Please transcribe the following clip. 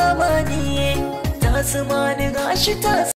zamani ta su ma